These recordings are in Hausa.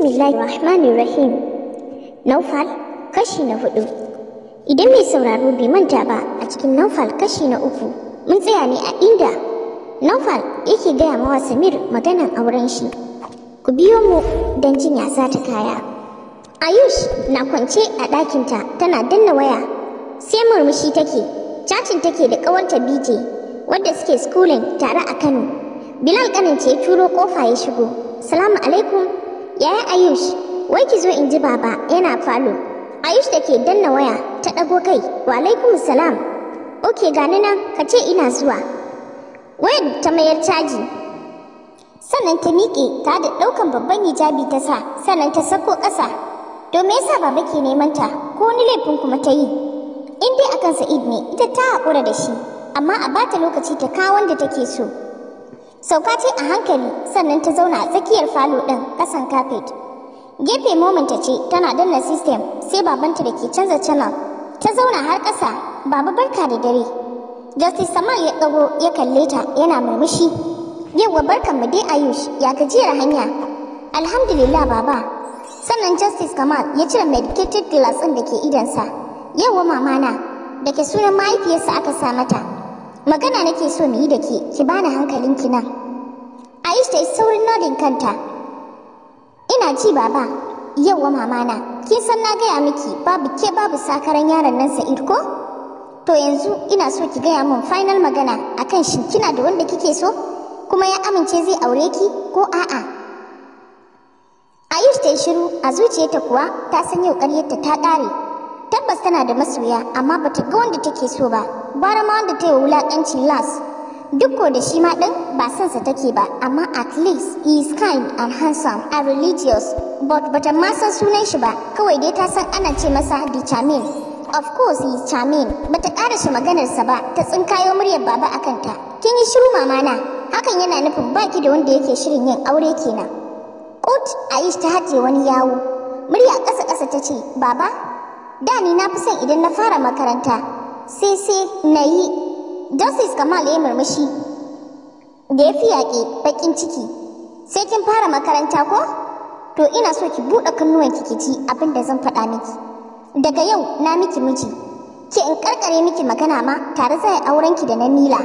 Bismillahirrahmanirrahim naufal kashi na hudu idan mai sauraro bai manta ba a cikin naufal kashi na uku mun tsaya ne a inda naufal yake gaya mawa samir maganan auren shi ku biyo mu don jin yasa ta kaya ayush na kwance a ɗakinta tana danna waya sai murmushi take cacin take da ƙawarta bije wadda suke schooling tare a kano bilal ƙanance ce ya turo ƙofa ya shigo salamu alaikum Yaya Ayush, wai ki zo in ji baba yana falo. Ayush da ke danna waya ta ɗago kai, wa alaikum salam. Oke gani nan ka ce ina zuwa. Wayar ta mayar caji. Sannan ta miƙe ta da ɗaukan babban hijabi ta sa, sannan ta sako ƙasa. To me yasa baba ke neman ta? Ko wani laifin kuma ta yi? In dai akan Sa'id ne, ita ta haƙura da shi, amma a bata lokaci ta kawo wanda take so. sauka ce a hankali sannan ta zauna a tsakiyar falo ɗin ƙasan kafet gefe momenta ce tana danna sistem sai babanta da ke canza channel ta zauna har ƙasa baba barka da dare justice samal ya ɗago ya kalle ta yana murmushi yawwa barkan mu dai ayush ya gajiyar hanya alhamdulillah baba sannan justice kamal ya cire medicated glass ɗin da ke idansa yawwa mamana da ke sunan mahaifiyarsa aka sa mata magana nake so mu yi da ke ki bani hankalinki nan aisha ta saurin nodin kanta ina ji baba yauwa mamana kin san na gaya miki babu ke babu sakaran yaron nan sa'id ko to yanzu ina so ki gaya min final magana akan shin kina da wanda kike so kuma ya amince zai aure ki ko a'a aisha ta shiru a zuciyarta kuwa ta san yau ƙaryarta ta ƙare tabbas tana da masoya amma ba ta ga wanda take so ba gwara ma wanda ta yi wulaƙancin las duk ko da shi ma ɗin ba son sa take ba amma at least he is kind and handsome and religious but bata ma san sunan shi ba kawai dai ta san ana ce masa di chamin of course he is ta ƙara shi maganarsa ba ta tsinkayo muryar baba a kanta kin yi shiru mamana hakan yana nufin baki da wanda yake shirin yin aure kenan Ut Aish ta hajje wani yawo murya ƙasa-ƙasa ta ce baba da ni na fi son idan na fara makaranta sai sai na yi justice kamal ya murmushi da ya fi yaƙi baƙin ciki sai kin fara makaranta ko to ina so ki buɗe kunnuwan ki ci abin da zan faɗa miki daga yau na miki miji ki in karkare miki magana ma tare zai auren ki da na nila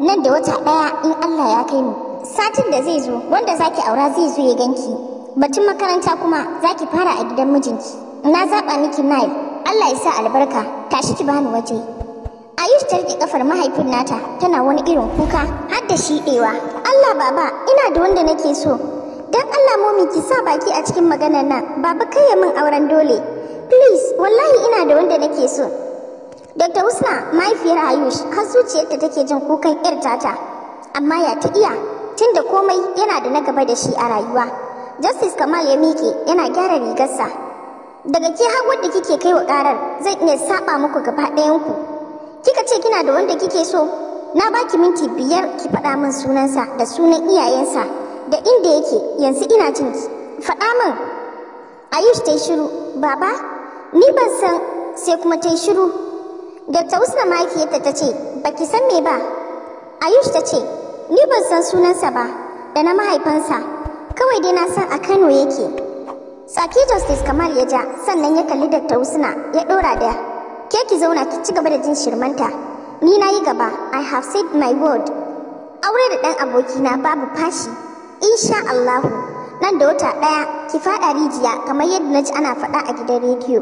nan da wata ɗaya in allah ya kai mu satin da zai zo wanda zaki aura zai zo ya ganki batun makaranta kuma zaki fara a gidan mijinki na zaɓa miki nile Allah ya sa albarka tashi ki bani waje Ayush ta rike kafar mahaifin nata tana wani irin kuka har da ɗewa. Allah baba ina da wanda nake so dan Allah momi ki sa baki a cikin maganar nan baba kai ya min auren dole please wallahi ina da wanda nake so Dr. Usna mahaifiyar Ayush har zuciyarta take jin kukan yar tata amma ya ta iya tunda komai yana da na gaba da shi a rayuwa Justice Kamal ya miƙe yana gyara rigarsa daga ke har wanda kike kai wa karar zan iya saba muku gaba ɗayan ku kika ce kina da wanda kike so na baki minti biyar ki faɗa min sunansa da sunan iyayensa da inda yake yanzu ina jin ki faɗa min ayush ta shiru baba ni ban san sai kuma ta shiru da ta usna mahaifiyarta ta ce baki san me ba ayush ta ce ni ban san sunansa ba da na mahaifansa kawai dai na san a kano yake Tsaki Justice Kamal ya ja sannan ya kalli Dr. Usna ya dora da ke ki zauna ki ci gaba da jin shirmanta. Ni na yi gaba, I have said my word. Aure da ɗan abokina babu fashi, insha Allahu. Nan da wata ɗaya ki faɗa rijiya kamar yadda na ji ana faɗa a gidan rediyo.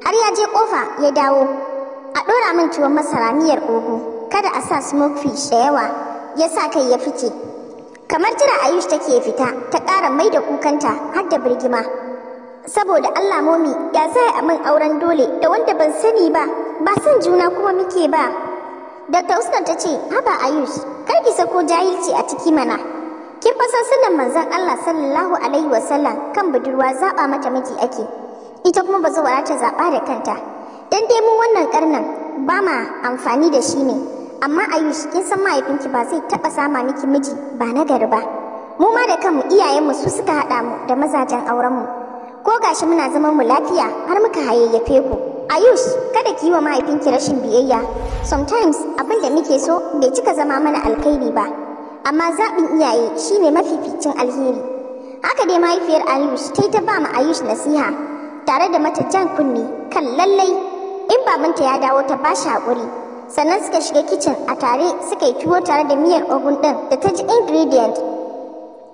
Har ya je ƙofa ya dawo. A ɗora min tuwon masara miyar ogo, kada a sa smoke fish da yawa, ya sa kai ya fice. Kamar jira Ayush take fita, ta ƙara mai da kukanta har da birgima. saboda Allah momi ya za a min auren dole da wanda ban sani ba ba san juna kuma muke ba Dr. Usman ta ce haba Ayush kar ki sako jahilci a ciki mana kin fa san sunan manzon Allah sallallahu alaihi wasallam kan budurwa zaba mata miji ake ita kuma ba zuwa ta zaba da kanta dan dai mu wannan karnan ba ma amfani da shi ne amma Ayush kin san mahaifinki ba zai taba sama miki miji ba na gari ba mu ma da kanmu iyayenmu su suka hada mu da mazajen auren mu ko gashi muna zaman mu lafiya har muka hayayyafe ku ayush kada ki yi wa mahaifinki rashin biyayya sometimes abin da muke so bai cika zama mana alkhairi ba amma zaɓin iyaye shine mafificin alheri haka dai mahaifiyar ayush ta yi ta ba ma ayush nasiha tare da mata jan kunne kan lallai in babanta ya dawo ta bashi shi haƙuri sannan suka shiga kicin a tare suka yi tuwo tare da miyar ogun ɗin da ta ji ingredient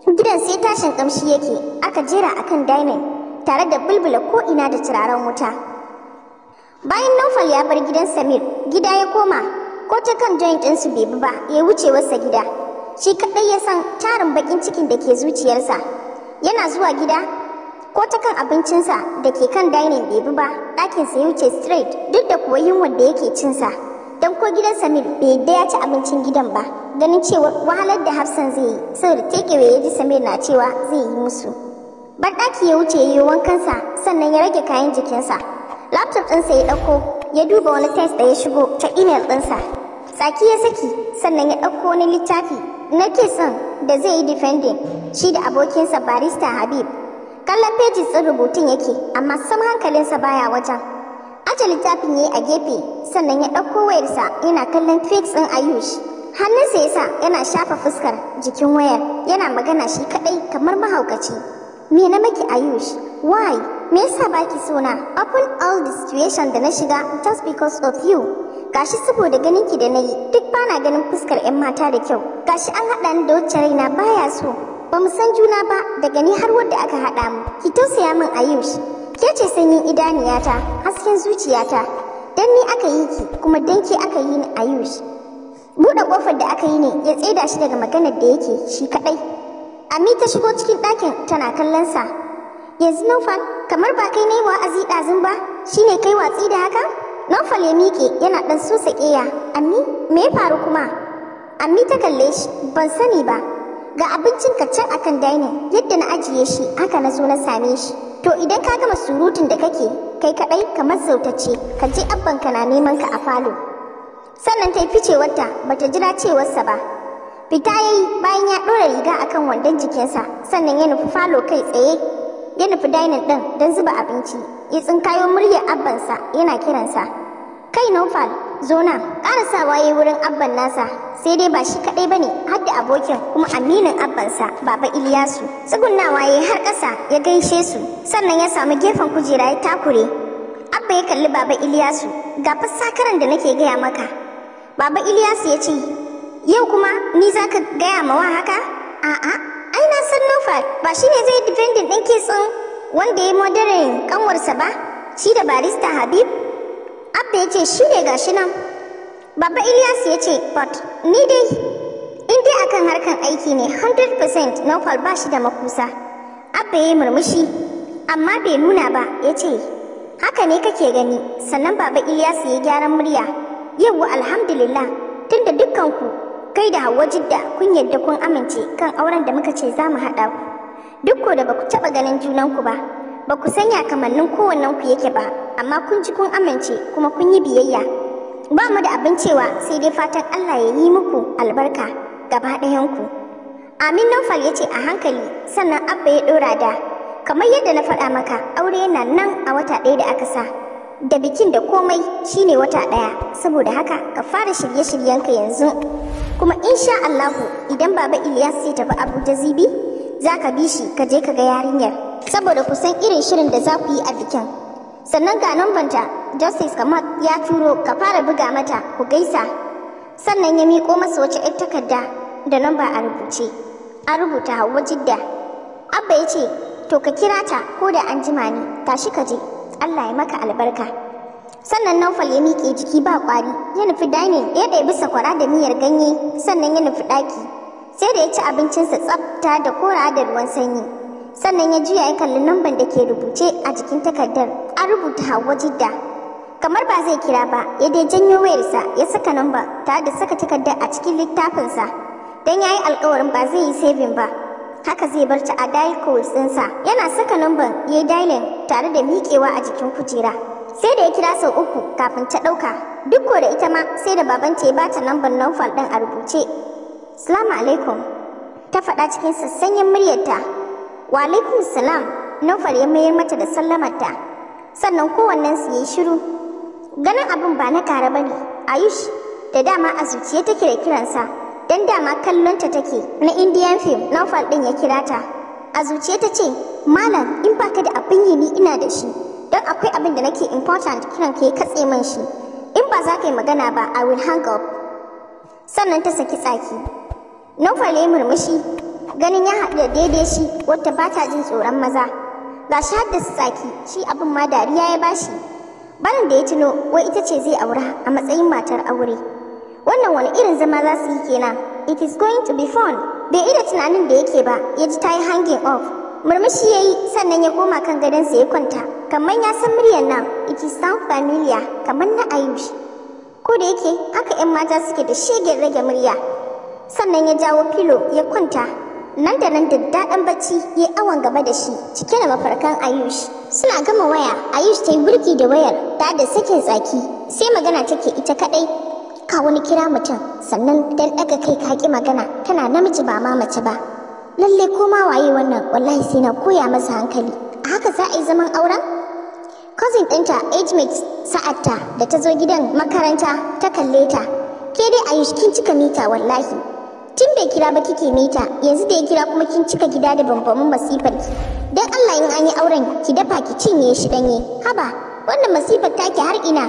gidan sai tashin ƙamshi yake aka jera akan dining tare da bulbula ko'ina da turaren wuta bayan naufal ya bar gidan samir gida ya koma ko ta kan joint ɗinsu bai bi ba ya wuce wasa gida shi kaɗai ya san tarin baƙin cikin da ke zuciyarsa yana zuwa gida ko ta kan abincinsa da ke kan dining bai bi ba ɗakinsa ya wuce straight duk da kuwa yunwar da yake cinsa don ko gidan samir bai yadda ya ci abincin gidan ba ganin cewa wahalar da hafsan zai yi saboda tekewa ya ji samir na cewa zai yi musu Banɗaki ya wuce ya yi wankansa sannan ya rage kayan jikinsa. Laptop ɗinsa ya ɗauko ya duba wani test da ya shigo ta imel ɗinsa. Tsaki ya saki sannan ya ɗauko wani littafi na kisan da zai yi defending shi da abokinsa barista Habib. Kallon pages ɗin rubutun yake amma sam hankalinsa baya wajen. Aje littafin ya yi a gefe sannan ya ɗauko wayarsa yana kallon fix ɗin Ayush. Hannunsa ya sa yana shafa fuskar jikin wayar yana magana shi kaɗai kamar mahaukaci. me na maki ayush why me yasa baki sona upon all the situation da na shiga just because of you gashi saboda ganin ki da nayi duk bana ganin fuskar yan mata da kyau gashi an hada ni da wacce raina baya so ba mu san juna ba daga ni har wanda aka hada mu ki tausaya min ayush ke ce sanyin idaniyata hasken zuciyata dan ni aka yi ki kuma dan ki aka yi ni ayush buɗe ƙofar da aka yi ne ya tsaida shi daga maganar da yake shi kaɗai. Ami ta shigo cikin ɗakin tana kallon sa. Yanzu Nufal, kamar ba kai nayi wa'azi ɗazun ba, Shi ne kai watsi da haka? Naufal ya miƙe yana ɗan so saƙeya. Ami, me ya faru kuma? Ami ta kalle shi, ban sani ba. Ga abincin ka can akan dainin, yadda na ajiye shi, haka na zo na same shi. To idan ka gama surutun da kake, kai kaɗai kamar ce, ka je abbanka na neman ka a falo. Sannan ta yi ficewarta, bata jira cewarsa ba, fita ya yi bayan ya ɗora riga akan wandon jikinsa sannan ya nufi falo kai tsaye ya nufi dainin ɗin don zuba abinci ya tsinkayo muryar abbansa yana kiransa kai nofal zona Ƙara ya yi wurin abban nasa sai dai ba shi kaɗai ba ne har abokin kuma aminin abbansa baba iliyasu tsugunnawa ya yi har ƙasa ya gaishe su sannan ya samu gefen kujera ya takure abba ya kalli baba iliyasu ga fassakaran da nake gaya maka baba iliyasu ya ce yau kuma ni za ka gaya ma wa haka a'a ai na san Nufar ba shi ne zai defendin ɗin kitsin wanda ya yi madarin kanwarsa ba shi da barista habib abba ya ce shi ne ga shi nan Baba ilyas ya ce but ni dai in dai akan harkan aiki ne 100% Nufar ba shi da makusa abba ya yi murmushi amma bai nuna ba ya ce haka ne kake gani sannan baba ilyas ya gyaran murya yau alhamdulillah tunda dukkanku kai da Hauwa Jidda kun yadda kun amince kan auren da muka ce za mu haɗa ku. Duk ko da ba ku taɓa ganin junanku ba, ba ku sanya kamannin kowannen ku yake ba, amma kun ji kun amince kuma kun yi biyayya. Ba mu da abin cewa sai dai fatan Allah ya yi muku albarka gaba ku. Amin Naufal ya ce a hankali sannan Abba ya ɗora da. Kamar yadda na faɗa maka aure yana nan a wata ɗaya da aka sa. Da bikin da komai shine wata ɗaya, saboda haka ka fara shirye-shiryenka yanzu. kuma insha Allahu idan baba Ilyas ya tafi Abuja Zibi za ka bi shi ka je ka ga yarinyar saboda ku san irin shirin da za ku yi a bikin sannan ga nambanta Justice Kamat ya turo ka fara buga mata ku gaisa sannan ya miƙo masa wata 'yar takarda da namba a rubuce an rubuta Hauwa Jidda Abba ya ce to ka kira ta ko da an jima ne tashi ka je Allah ya maka albarka sannan naufal ya miƙe jiki ba ƙwari ya nufi dining ya ɗaya bisa kwara da miyar ganye sannan ya nufi ɗaki sai da ya ci abincinsa tsafta da kora da ruwan sanyi sannan ya juya ya kalli lambar da ke rubuce a jikin takardar an rubuta hawa jidda kamar ba zai kira ba ya dai janyo wayarsa ya saka lamba tare da saka takardar a cikin littafinsa don ya yi alkawarin ba zai yi saving ba haka zai bar a a dial tsinsa yana saka lambar ya yi dialing tare da miƙewa a jikin kujera sai da ya kira sau uku kafin ta ɗauka duk ko da ita ma sai da babanta ya bata lambar nonfal ɗin a rubuce salamu alaikum ta faɗa cikin sassanyen muryarta wa alaikum salam nonfal ya mayar mata da sallamarta sannan kowannen su yi shiru ganin abin ba na ƙara bane ayush da dama a zuciya take da kiransa dan dama kallonta take na indian film nonfal ɗin ya kira ta a zuciya ta ce malam in baka da abin yi ni ina da shi idan akwai abin da nake important kiran ka katse min shi in ba za ka yi magana ba i will hang up sannan ta saki tsaki nufar ya murmushi ganin ya haɗu da daidai shi wata ba ta jin tsoron maza ga shi hadda su tsaki shi abin ma dariya ya bashi barin da ya tuno wai ita ce zai aura a matsayin matar aure wannan wani irin zama za su yi kenan it is going to be fun bai ida tunanin da yake ba ya ji ta yi hanging off murmushi ya yi sannan ya koma kan gadonsa ya kwanta kamar ya san muryar nan it is sound kamar na ayush ko da yake haka 'yan mata suke da shegen rage murya sannan ya jawo filo ya kwanta nan da nan daddaɗan bacci ya awon gaba da shi cike da mafarkan ayush suna gama waya ayush ta yi burki da wayar ta da sake tsaki sai magana take ita kaɗai ka wani kira mutum sannan dan ɗaga kai ka ƙi magana tana namiji ba ma mace ba lalle koma waye wannan wallahi sai na koya masa hankali a haka za a yi zaman auren cousin ɗinta age mate ta da ta zo gidan makaranta ta kalle ta ke dai a kin cika mita wallahi tun bai kira ba kike mita yanzu da ya kira kuma kin cika gida da bambamin masifar ki dan Allah in an yi auren ki dafa ki cinye shi danye haba wannan masifar take har ina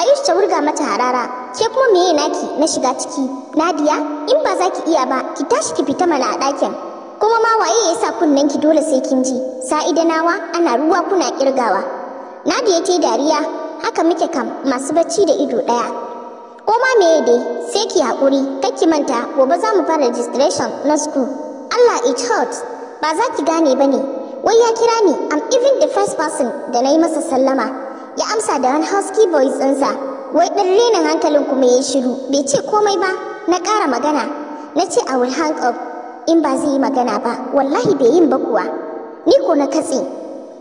Ayush ta wurga mata harara ke kuma meye naki na shiga ciki Nadia, in ba za ki iya ba ki tashi ki fita mana a ɗakin kuma ma waye ya sa kunnen ki dole sai kin ji sa'idanawa ana ruwa kuna kirgawa nadi yace dariya haka muke kam masu bacci da ido ɗaya ko ma meye dai sai ki hakuri kake manta gobe za mu fara registration na school allah it hurts ba za ki gane bane ne wai ya kira ni am even the first person da na yi masa sallama ya amsa da an husky voice ɗinsa wai ɗan renin hankalin kuma ya shiru bai ce komai ba na ƙara magana na ce i will hang up in ba zai yi magana ba wallahi bai yin ba kuwa ni ko na katse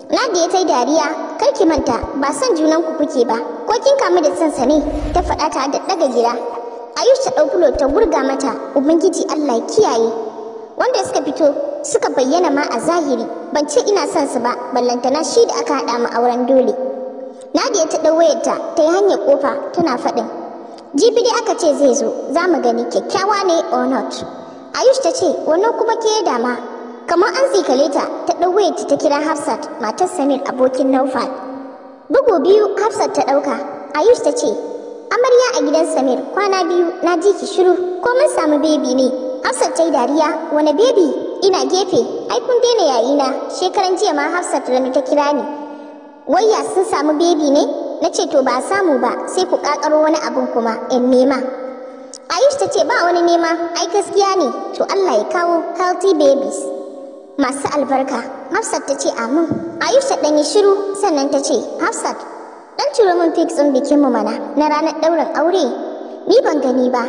na da ya tai dariya kar ki manta ba san junan ku kuke ba ko kin kamu da san ne ta faɗa ta da ɗaga gida. Ayusha ta ta gurga mata ubangiji Allah kiyaye wanda suka fito suka bayyana ma a zahiri ban ce ina son su ba ballantana shi da aka haɗa mu auren dole Nadiya ta ɗau wayarta ta yi hanyar ƙofa tana faɗin jibi dai aka ce zai zo za mu gani kyakkyawa ne or not Ayush ta ce wannan kuma ke dama kamar an tsikale ta ta ɗauwaye ta kira Hafsat matar Samir abokin Naufal. Bugu biyu Hafsat ta ɗauka Ayush ta ce amarya a gidan Samir kwana biyu na ji ki shiru ko mun samu bebi ne Hafsat ta yi dariya wani bebi ina gefe ai kun daina yayina shekaran jiya ma Hafsat rana ta kira ni wayya sun samu bebi ne na ce to ba samu ba sai ku kakaro wani abun kuma in nema Aisha ta ce ba wani nema, ai gaskiya ne, to Allah ya kawo healthy babies. Masu albarka, Hafsat ta ce amin. Ayush ta ɗanyi shiru sannan ta ce, Hafsat, ɗan ciro min fix ɗin mu mana na ranar ɗaurin aure. Ni ban gani ba.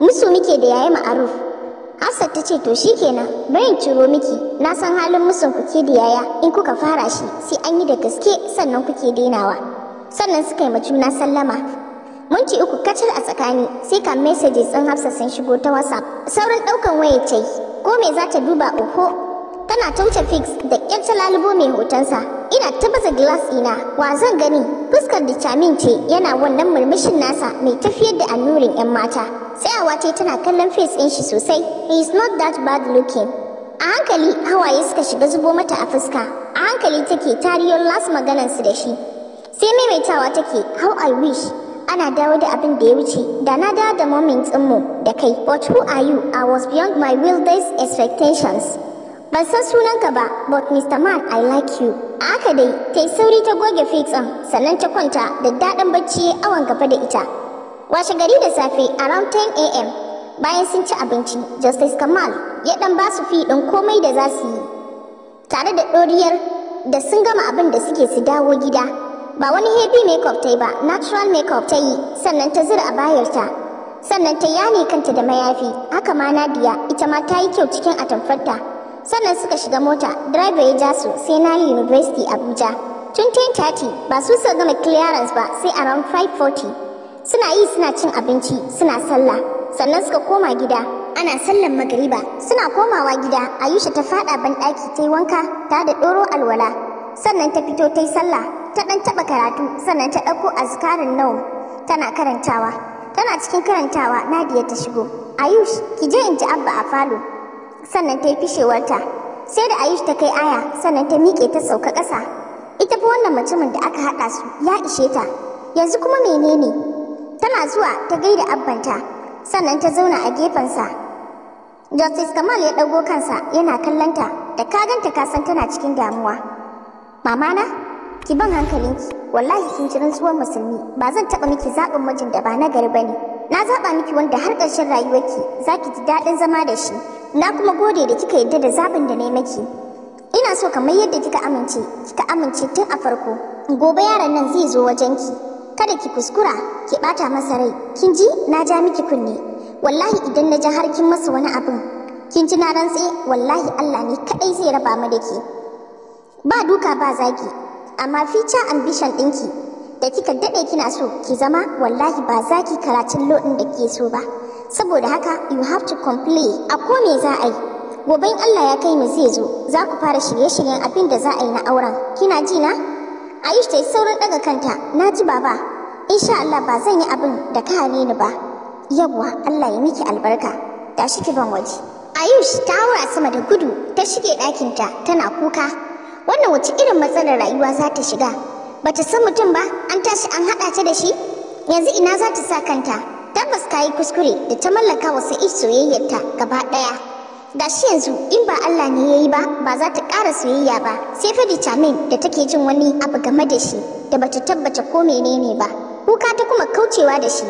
Musu muke da yayi ma'aruf. Hafsat ta ce to shikenan, bayan ciro miki, na san halin musun kuke da yaya in kuka fara shi sai an yi da gaske sannan kuke dainawa. Sannan suka yi ma juna sallama, minti uku kacal a tsakani sai ka messages sun hafsa sun shigo ta whatsapp saurin ɗaukan waya ce. ko me za ta duba oho tana tauce fix da ƙyar ta lalubo mai hotonsa ina ta baza glass ina wa zan gani fuskar da camin ce yana wannan murmushin nasa mai tafiyar da annurin 'yan mata tsayawa ce tana kallon face ɗin shi sosai he is not that bad looking a hankali hawaye suka shiga zubo mata a fuska a hankali take tariyon las su da shi sai maimaitawa take how i wish ana dawo da abin da ya wuce da na dawo da moment ɗinmu da kai but who are you I was beyond my wildest expectations ban san sunanka ba but Mr. Man I like you a haka dai ta sauri ta goge fitsin sannan ta kwanta da daɗin bacci awon gaba da ita washe gari da safe around 10 am bayan sun ci abinci Justice Kamal ya ɗan ba su fi ɗin komai da za su yi tare da ɗoriyar da sun gama abin da suke su dawo gida ba wani heavy makeup ta yi ba natural makeup ta yi sannan ta zura a bayarta sannan ta yane kanta da mayafi haka ma nadiya ita ma ta yi kyau cikin atamfarta sannan suka shiga mota driver ya ja su sai nali university abuja tun 10:30 ba su suka gama clearance ba sai around 5:40 suna yi suna cin abinci suna sallah sannan suka koma gida ana sallan magariba suna komawa gida ayusha ta fada banɗaki ta yi wanka ta da ɗoro alwala sannan ta fito ta yi sallah ta ɗan taɓa karatu sannan ta ɗauko azkarin nawa. tana karantawa tana cikin karantawa nadiya ta shigo ayush ki je in ji abba a falo sannan ta yi fishewarta sai da ayush ta kai aya sannan ta miƙe ta sauka ƙasa ita fa wannan mutumin da aka haɗa su ya ishe ta yanzu kuma menene tana zuwa ta gaida abbanta sannan ta zauna a gefensa justice kamal ya ɗago kansa yana kallonta da ka ganta ka san tana cikin damuwa mamana ki ban hankalinki wallahi kin kiran tsuwar musulmi ba zan taba miki zaɓin mijin da ba na gari bane na zaɓa miki wanda har ƙarshen rayuwarki zaki ji daɗin zama da shi na kuma gode da kika yadda da zaɓin da na miki ina so kamar yadda kika amince kika amince tun a farko gobe yaron nan zai zo wajen ki. kada ki kuskura ki ɓata masa rai kin ji na ja miki kunne wallahi idan na ji har kin masa wani abin kin ji na rantse wallahi Allah ne kaɗai zai raba mu da ke ba duka ba zaki amma future ambishan ɗinki da kika daɗe kina so ki zama wallahi ba za ki karatun lo'in da ke so ba saboda haka you have to complete a ko me za a yi goben Allah ya kai mu zai zo za ku fara shirye-shiryen abin da za a yi na auren kina ji na Ayush ta yi saurin daga kanta na ji baba insha Allah ba zan yi abin da ka hane ni ba yawwa Allah ya miki albarka tashi ki ban waje Ayush ta haura sama da gudu ta shige ɗakinta tana kuka wannan wace irin matsalar rayuwa za ta shiga Ba ta san mutum ba an tashi an haɗa ta da shi yanzu ina za ta sa kanta tabbas ka yi kuskure da ta mallaka wa soyayyar soyayyarta gaba ɗaya Ga shi yanzu in ba Allah ne ya yi ba ba za ta ƙara soyayya ba sai fa da take jin wani abu game da shi da ba ta tabbata ko menene ba kuka ta kuma kaucewa da shi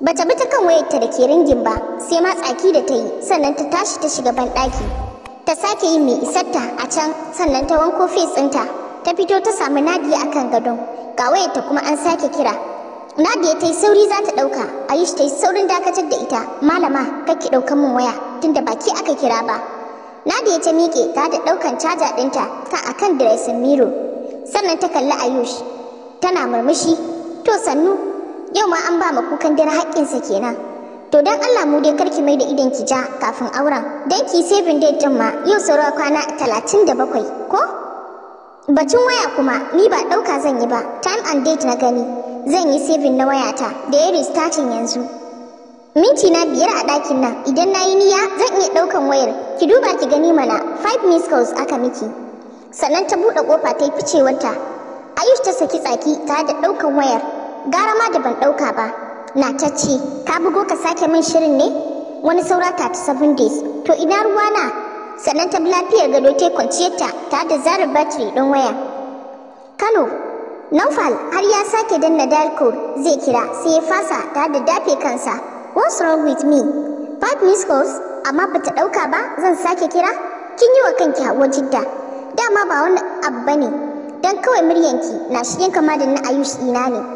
bata bi ta kan wayarta da ke ringin ba sai ma tsaki da ta yi sannan ta tashi ta shiga ban ɗaki ta sake yi mai isarta a can sannan ta wanko fes ɗinta ta fito ta samu nadiya akan gadon ga wayarta kuma an sake kira nadiya ta yi sauri za ta ɗauka ayush ta yi saurin dakatar da ita malama ki ɗauka min waya tunda baki aka kira ba nadiya ta miƙe ta da ɗaukan caja ɗinta ta akan diresin miro sannan ta kalli ayush tana murmushi to sannu yau ma an ba ma kukan dare haƙƙinsa kenan To dan Allah mu dai karki mai da idan ki ja kafin auren. Dan ki saving date din ma yau saura kwana 37 ko? Bacin waya kuma ni ba dauka zan yi ba. Time and date na gani. Zan yi saving na wayata da ya restarting yanzu. Minti na biyar a ɗakin nan idan na yi niyya zan iya ɗaukan wayar ki duba ki gani mana 5 minutes calls aka miki. Sannan ta buɗe ƙofa ta yi ficewarta. Ayush ta saki tsaki ta da ɗaukan wayar gara ma da ban ɗauka ba na ta ce ka bugo ka sake min shirin ne wani saura 37 days to ina ruwana sannan ta lafiyar gado ta kwanciyarta ta da zarar batiri ɗin waya kano naufal har ya sake danna dial code zai kira sai ya fasa ta da dafe kansa what's wrong with me five miss calls amma ta ɗauka ba zan sake kira kin yi wa kanki hawa jidda dama ba wani abu bane dan kawai muryanki na shigen kama da na ayush ina ne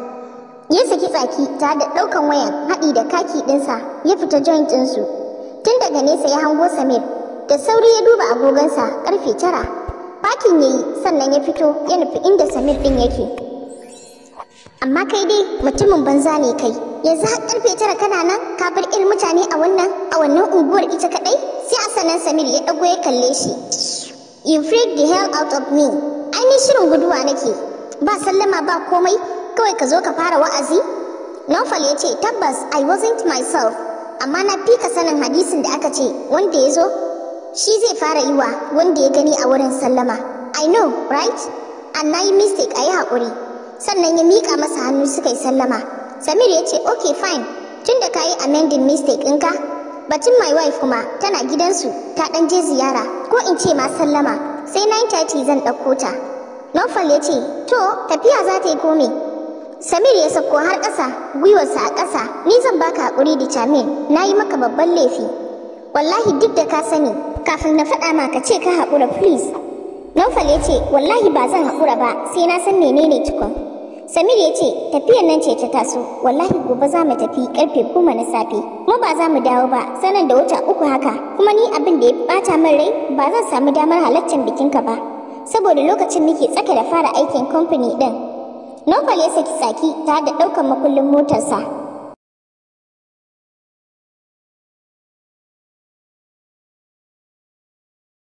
ya saki tsaki ta da ɗaukan wayan haɗi da kaki ɗinsa ya fita joint ɗinsu tun daga nesa ya hango samir da sauri ya duba agogonsa ƙarfe tara fakin ya yi sannan ya fito ya nufi inda samir ɗin yake amma kai dai mutumin banza ne kai yanzu har ƙarfe tara kana nan ka bar irin mutane a wannan a wannan unguwar ita kaɗai sai a sanan samir ya ɗago ya kalle shi you freak the hell out of me ainihin shirin guduwa nake ba sallama ba komai kawai ka zo ka fara wa'azi nofal ya ce tabbas i wasn't myself amma na fi ka sanin hadisin da aka ce wanda ya zo shi zai fara yi wanda ya gani a wurin sallama i know right An na yi mistake a yi haƙuri sannan ya miƙa masa hannu suka yi sallama samir ya ce okay fine tun da ka yi amending mistake ɗinka batun my wife kuma tana gidansu ta ɗan je ziyara ko in ce ma sallama sai 9:30 zan ɗauko ta nofal ya ce to tafiya za ta yi kome Samir ya sauko har ƙasa, gwiwarsa a ƙasa, ni zan baka haƙuri da Jamin, na yi maka babban laifi. Wallahi duk da ka sani, kafin na faɗa ma ka ce ka haƙura please. Naufal ya ce, wallahi ba zan haƙura ba, sai na san menene tukun. Samir ya ce, tafiyar nan ce ta taso, wallahi gobe za mu tafi ƙarfe goma na safe, Mu ba za mu dawo ba, sanan da wata uku haka, kuma ni abin da ya ɓata min rai, ba zan samu damar halartar bikinka ba. Saboda lokacin nake tsaka da fara aikin kamfani ɗin, Nofal ya saki saki ta da ɗaukan makullin motarsa